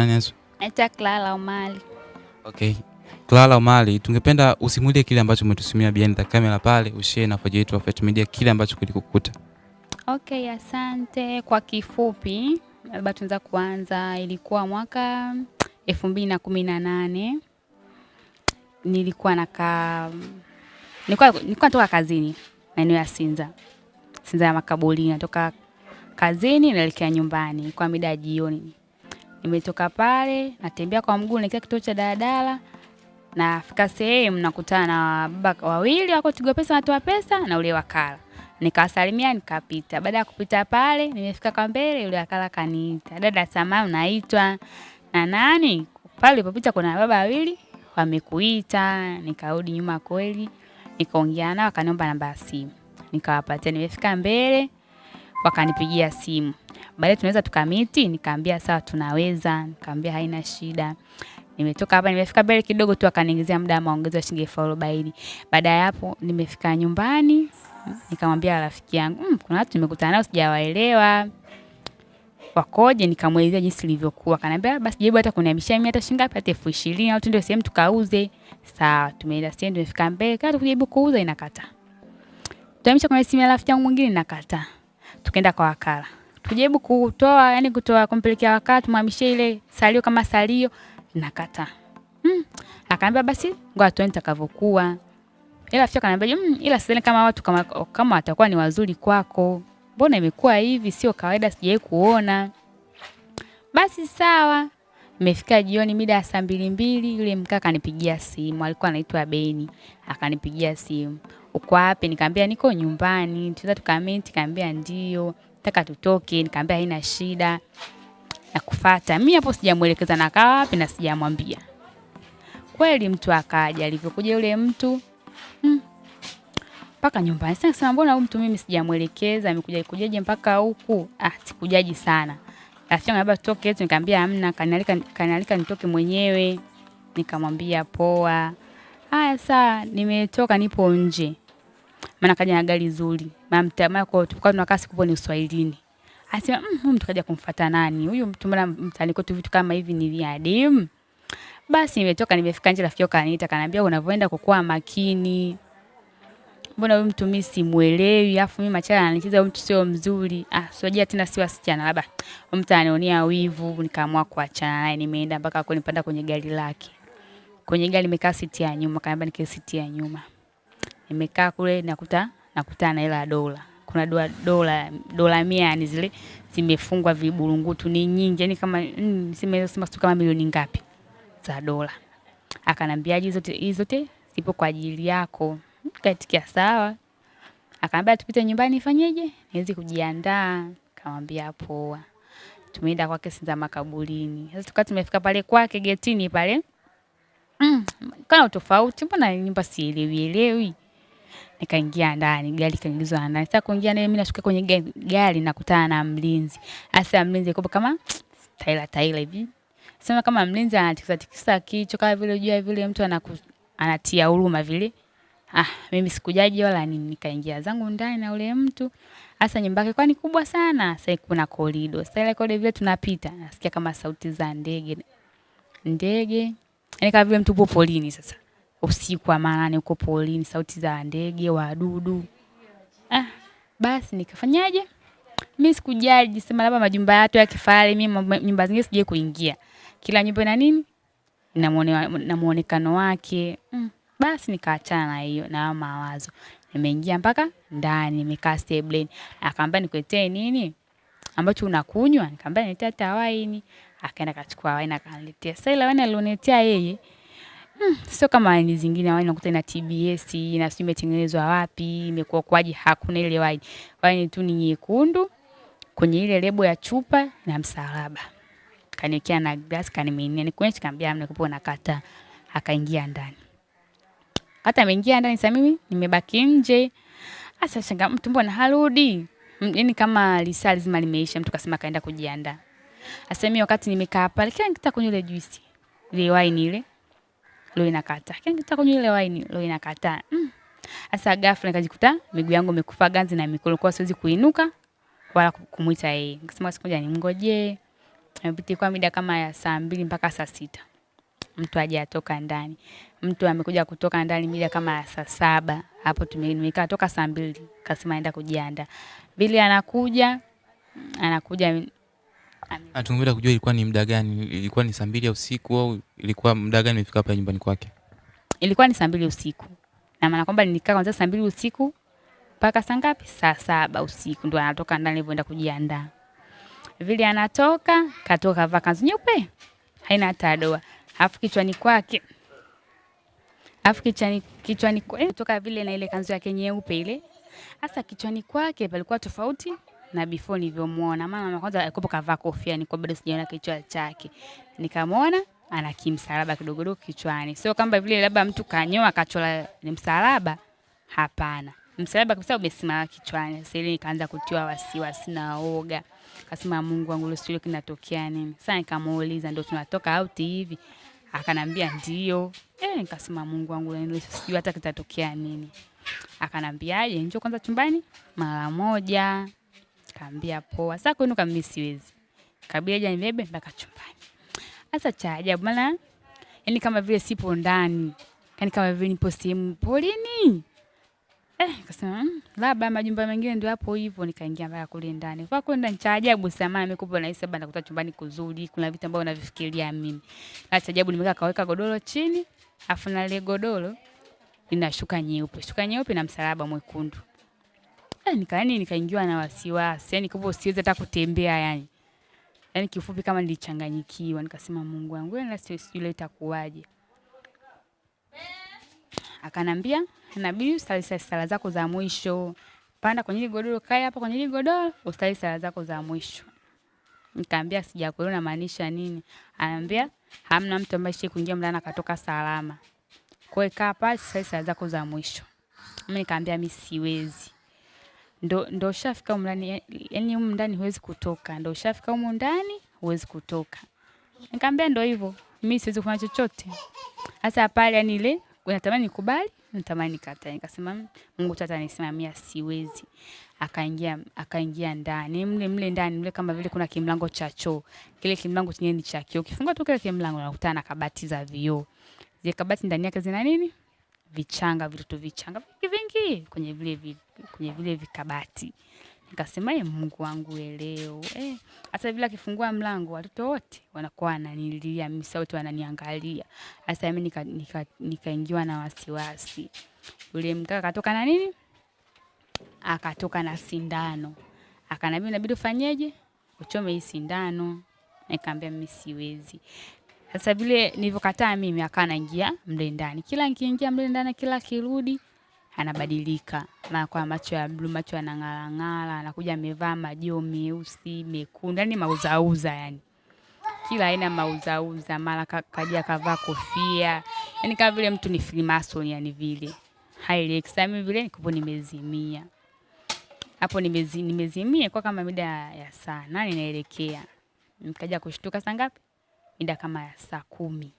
nani Yesu? Naitwa Clara Omali. Okay. Clara Omali, tungependa usimulie kile ambacho umetusimia behind the camera pale, ushare na faji yetu wa Media kile ambacho kilikukuta. Okay, asante. Kwa kifupi, labda tunaweza kuanza, ilikuwa mwaka elfu mbili na kumi na nane nilikuwa naka nilikuwa, nilikuwa natoka kazini maeneo ya Sinza, Sinza ya Makaburi, natoka kazini naelekea nyumbani kwa mida ya jioni Nimetoka pale natembea kwa mguu naelekea kituo cha daladala, nafika sehemu nakutana na baba wawili wako Tigo Pesa natoa pesa na ule wakala nikawasalimia nikapita. Baada ya kupita pale, nimefika kwa mbele, ule wakala kaniita, dada Samau naitwa na nani pale. Ulipopita kuna baba wawili wamekuita. Nikarudi nyuma kweli, nikaongea nao, akaniomba namba ya simu, nikawapatia. Nimefika mbele, wakanipigia simu baadaye tunaweza tukamiti, nikaambia sawa, tunaweza. Nikaambia haina shida. Nimetoka hapa nimefika mbele kidogo tu akaniingizia muda wa maongezo ya shilingi elfu arobaini. Baada ya hapo nimefika nyumbani nikamwambia rafiki yangu mmm, kuna watu nimekutana nao sijawaelewa wakoje, nikamwelezea jinsi ilivyokuwa. Akaniambia basi jaribu hata kuniamishia mimi hata shilingi ngapi, hata elfu ishirini au tuende sehemu tukauze. Sawa, tumeenda sehemu, tumefika mbele, kama tukijaribu kuuza inakata. Tuhamisha kwenye simu ya rafiki yangu mwingine inakataa. Tukaenda kwa wakala tujaribu kutoa, yani kutoa kumpelekea wakati tumhamishie ile salio kama salio, nakata hmm. Akaambia basi ngoja tuone takavyokuwa. Ila afika kanaambia mm, ila sidhani kama watu kama kama watakuwa ni wazuri kwako. Mbona imekuwa hivi? Sio kawaida, sijawahi kuona. Basi sawa. Imefika jioni mida ya saa mbili mbili, yule mkaka akanipigia simu, alikuwa anaitwa Beni, akanipigia simu, uko wapi? Nikamwambia niko nyumbani, tuza tukamenti? Kaambia ndio taka tutoke, nikaambia haina shida na kufata. Mimi hapo sijamuelekeza na kaa wapi na sijamwambia. Kweli mtu akaja, alivyokuja yule mtu hmm, mpaka hmm, nyumbani. Sasa nasema mbona huyu mtu mimi sijamuelekeza, amekuja kujaje mpaka huku? Ah, sikujaji sana. Rafiki yangu tutoke yetu, nikamwambia amna, kanalika kanalika nitoke mwenyewe. Nikamwambia poa. Haya, saa nimetoka, nipo nje maana kaja na gari zuri, maana mtamaa kwa tulikuwa tunakaa siku ni Uswahilini. Asema mmm, mtu kaja kumfuata nani huyu mtu, mbona mtani kwetu vitu kama hivi ni viadimu. Basi nimetoka nimefika nje, rafiki yako kaniita kanambia unavyoenda kukua makini, mbona huyu mtu mimi simuelewi, afu mimi machana ananicheza, huyu mtu sio mzuri. Ah, sijajua tena, si wasichana, labda mtu ananionea wivu. Nikaamua kuachana naye, nimeenda mpaka kunipanda kwenye gari lake, kwenye gari nimekaa siti ya nyuma, kanambia nikae siti ya nyuma nimekaa kule nakuta nakutana na hela ya dola kuna dola dola dola mia yani zile zimefungwa viburungutu ni nyingi yani kama mm, simesema situ kama milioni ngapi za dola akanambia hizo zote hizo zote zipo kwa ajili yako mm, kaitikia sawa akaambia tupite nyumbani ifanyeje niwezi kujiandaa kamwambia poa tumeenda kwake Sinza makaburini sasa tukawa tumefika pale kwake getini pale mm, kana utofauti mbona nyumba sielewielewi nikaingia ndani, gari kaingizwa ndani. Sasa kuingia naye mimi nashuka kwenye gari nakutana na mlinzi. Asa mlinzi yuko kama taila taila hivi. Sema kama mlinzi anatikisa tikisa kichwa kama vile unajua vile mtu anaku, anatia huruma vile. Ah, mimi sikujaji wala nini, nikaingia zangu ndani na ule mtu. Sasa nyumba yake kwani kubwa sana. Sasa kuna korido. Sasa ile korido vile tunapita, nasikia kama sauti za ndege. Ndege. Yaani kama vile mtu upo polini sasa usiku wa manane huko polini, sauti za ndege, wadudu. Ah, basi nikafanyaje? Mimi sikujaji sema labda majumba yatu ya kifahari, mimi nyumba zingine sije kuingia. Kila nyumba ina nini na muonekano wake. Mm, basi nikaachana na hiyo na mawazo, nimeingia mpaka ndani, nimekaa sebuleni. Akaambia nikuletee nini ambacho unakunywa? Nikamwambia niletea hata waini. Akaenda kachukua waini akaniletea. Sasa ile waini alionetea yeye Hmm, sio kama wani zingine wani nakuta ina TBS na sio imetengenezwa wapi, imekuwa kwaje, hakuna ile wani. Wani tu ni nyekundu kwenye ile lebo ya chupa na msalaba. Kaniwekea na glass kanimiminia. Nikunywa nikamwambia na kata, Akaingia ndani. Hata ameingia ndani sasa mimi nimebaki nje. Asa shanga mtu mbona harudi? Yaani kama lisaa lazima limeisha mtu kasema kaenda kujiandaa. Asa mimi wakati nimekaa pale kila nikitaka kunywa ile juisi. Ile wine ile leo inakataa. kunywa ile waini, leo inakata. Mm. Sasa ghafla nikajikuta miguu yangu imekufa ganzi na mikono kwa siwezi kuinuka wala kumuita yeye. Nikasema siku moja nimngojee. Imepita kwa muda kama ya saa mbili mpaka saa sita mtu aje atoka ndani. Mtu amekuja kutoka ndani muda kama ya saa saba hapo, tumeinuka toka saa mbili, kasema aenda kujianda vile, anakuja anakuja Ah, Tungependa kujua ilikuwa ni muda gani? Ilikuwa ni saa mbili ya usiku au ilikuwa muda gani umefika hapa nyumbani kwake? Ilikuwa ni saa mbili usiku, na maana kwamba nilikaa kuanzia saa mbili usiku mpaka saa ngapi? Saa saba usiku ndo anatoka ndani, alivyoenda kujiandaa vile anatoka, katoka vaa kanzu nyeupe haina hata doa, afu kichwani kwake afu kichwani kichwani eh, toka vile na ile kanzu yake nyeupe ile, hasa kichwani kwake palikuwa tofauti na before nilivyomuona, maana mara kwanza alikuwa kavaa kofia, niko bado sijaona kichwa chake, nikamwona ana kimsalaba kidogodogo kichwani, sio kama vile labda mtu kanyoa kachola ni msalaba. Hapana, msalaba kabisa umesimama kichwani. Sasa ile nikaanza kutiwa wasiwasi na oga, kasema Mungu wangu, sio kinatokea nini? Sasa nikamuuliza ndio tunatoka out hivi? Akanambia ndio. Eh, nikasema Mungu wangu, leo sijui hata kitatokea nini. Akanambia aje, njoo kwanza chumbani mara moja. Kaambia poa. Sasa kwenu kama mimi siwezi. Kabla haja nibebe mpaka chumbani. Sasa cha ajabu maana yani kama vile sipo ndani. Yani kama vile nipo sehemu polini. Eh, kasema mm, labda majumba mengine ndio hapo hivyo, nikaingia mpaka kule ndani. Kwa kwenda cha ajabu sana, maana nimekupa na hisi bana, kutoka chumbani kuzuri, kuna vitu ambavyo unavifikiria mimi. Na cha ajabu nimekaa kaweka godoro chini, afu na ile godoro inashuka nyeupe, shuka nyeupe na msalaba mwekundu. Eh, Nikani nikaingiwa na wasiwasi yani, kwa siwezi hata kutembea yani, yani kifupi kama nilichanganyikiwa, nikasema Mungu wangu yule itakuwaje? Akanambia inabidi usali sala zako za mwisho, panda kwenye godoro, kaa hapa kwenye godoro usali sala zako za mwisho. Nikaambia sijakuelewa namaanisha nini? Anaambia hamna mtu ambaye shi kuingia mlana akatoka salama, kwa hiyo kaa hapa usali sala zako za mwisho. Mimi nikaambia mimi siwezi ndo, ndo ushafika humu ndani, yani humu ndani huwezi kutoka, ndo ushafika humu ndani huwezi kutoka. Nikamwambia ndo hivyo, mimi siwezi kufanya chochote. hasa pale yani ile natamani nikubali, natamani kata, nikasema Mungu tata nisimamia, siwezi. Akaingia akaingia ndani mle mle ndani mle, kama vile kuna kimlango cha choo, kile kimlango chenyewe ni cha kioo. Ukifungua tu kile kimlango unakutana na kabati za vioo, zile kabati ndani yake zina nini? Vichanga, vitoto vichanga vingi mingi kwenye vile, kwenye vile vikabati. Nikasema ye, eh, Mungu wangu leo eh, hasa vile akifungua mlango watoto wote wanakuwa wananililia sasa wote wananiangalia. Hasa mimi nikaingiwa nika, nika na wasiwasi. Yule mkaka akatoka na nini, akatoka na sindano, akanambia inabidi ufanyeje, uchome hii sindano. Nikamwambia mimi siwezi. Sasa vile nilivyokataa mimi, akawa naingia mle ndani, kila nikiingia mle ndani, kila kirudi anabadilika, na kwa macho ya bluu, macho yanang'arang'ara, anakuja amevaa majo meusi mekundu, yani mauzauza, yani kila aina mauzauza, mara kaja kavaa kofia, yani kama vile mtu ni Freemason, yani vile hailekisami vile, nikupo nimezimia hapo, nimezi, nimezimia kwa kama mida ya saa nane naelekea, nikaja kushtuka saa ngapi? Mida kama ya saa kumi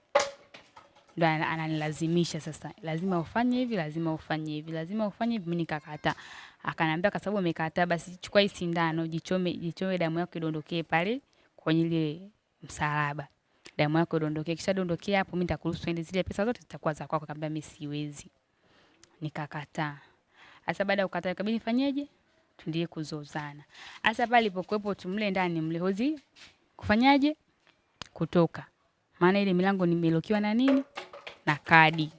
ndo ananilazimisha sasa, lazima ufanye hivi, lazima ufanye hivi, lazima ufanye hivi. Mimi nikakataa, akaniambia kwa sababu umekataa, basi chukua hii sindano, jichome, jichome damu yako idondokee pale kwenye ile msalaba, damu yako idondokee, kisha dondokee hapo, mimi nitakuruhusu ende, zile pesa zote zitakuwa za kwako. Akamwambia mimi siwezi, nikakataa. Sasa baada ya kukataa, ikabidi nifanyeje? Tuendelee kuzozana. Sasa pale ilipokuwepo tumle ndani mlehozi kufanyaje kutoka maana ile milango nimelokiwa na nini na kadi,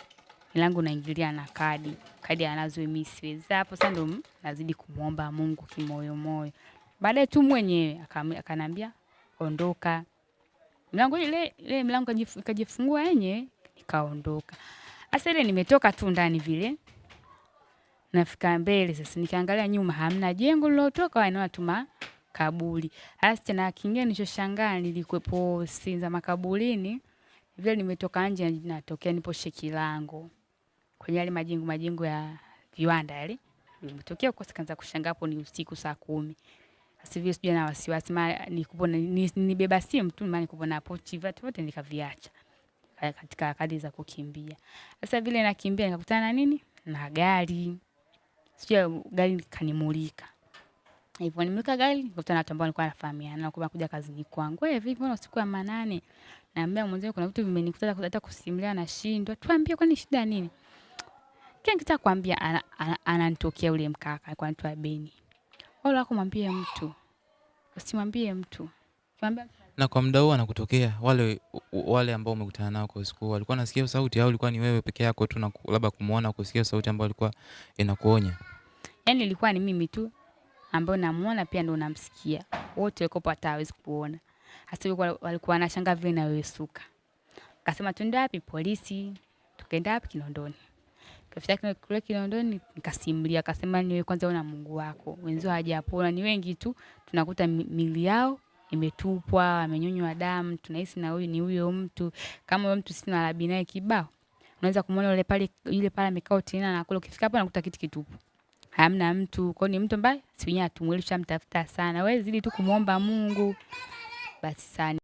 milango naingilia na kadi, kadi anazo mimi hapo. Sasa ndo nazidi kumwomba Mungu kimoyomoyo, baadaye tu mwenyewe akanambia ondoka. Milango ile ile milango ikajifungua yenye nikaondoka. Sasa ile nimetoka tu ndani vile nafika mbele sasa, nikaangalia nyuma hamna jengo lilotoka, wanaona kaburi. Hasa tena kingine nilichoshangaa, nilikuwepo Sinza makaburini vile, nimetoka nje natokea, nipo sheki langu. kwenye yale majengo majengo ya viwanda yale, nimetokea huko, sikaanza kushangaa, hapo ni usiku saa kumi. Sasa hivi sijui na wasiwasi, maana nikupo nibeba simu tu, maana nikupo na pochi vatu vyote nikaviacha katika kadi za kukimbia. Sasa vile nakimbia nikakutana na nini na gari, Sio gari kanimulika Hivyo nimeweka gari, nikakuta na watu ambao nilikuwa nafahamiana, nakuwa kuja kazini kwangu. Wewe eh, vipi, mbona usiku ya manane? Naambia mwenzie kuna vitu vimenikuta hata kusimulia nashindwa. Tuambie kwani shida nini? Kile nikitaka kuambia ananitokea ule mkaka, kwa mtu wa Beni. Wala wako mwambie mtu. Usimwambie mtu. Kimwambia na kwa muda huo anakutokea wale wale ambao umekutana nao kwa usiku walikuwa nasikia sauti au ulikuwa ni wewe peke yako tu na labda kumuona kusikia sauti ambayo ilikuwa inakuonya? Yaani ilikuwa ni mimi tu ambayo namuona pia ndo namsikia, wote walikopo hata hawezi kuona. Hasa walikuwa wanashangaa vile na wewe Suka. Akasema tuende wapi? Polisi. Tukaenda wapi? Kinondoni. Kafika kule Kinondoni nikasimulia, akasema niwe kwanza una Mungu wako, wenzao hawajapona, ni wengi tu, tunakuta mili yao imetupwa, amenyonywa damu, tunahisi na huyu ni huyo mtu. Kama huyo mtu sisi tunalabi naye kibao, unaweza kumwona yule pale, yule pale amekaa tena na kule, ukifika hapo nakuta kitu kitupu hamna mtu. Kwa ni mtu ambaye si wenyewe mtafuta sana. Wewe zidi tu kumwomba Mungu basi sana.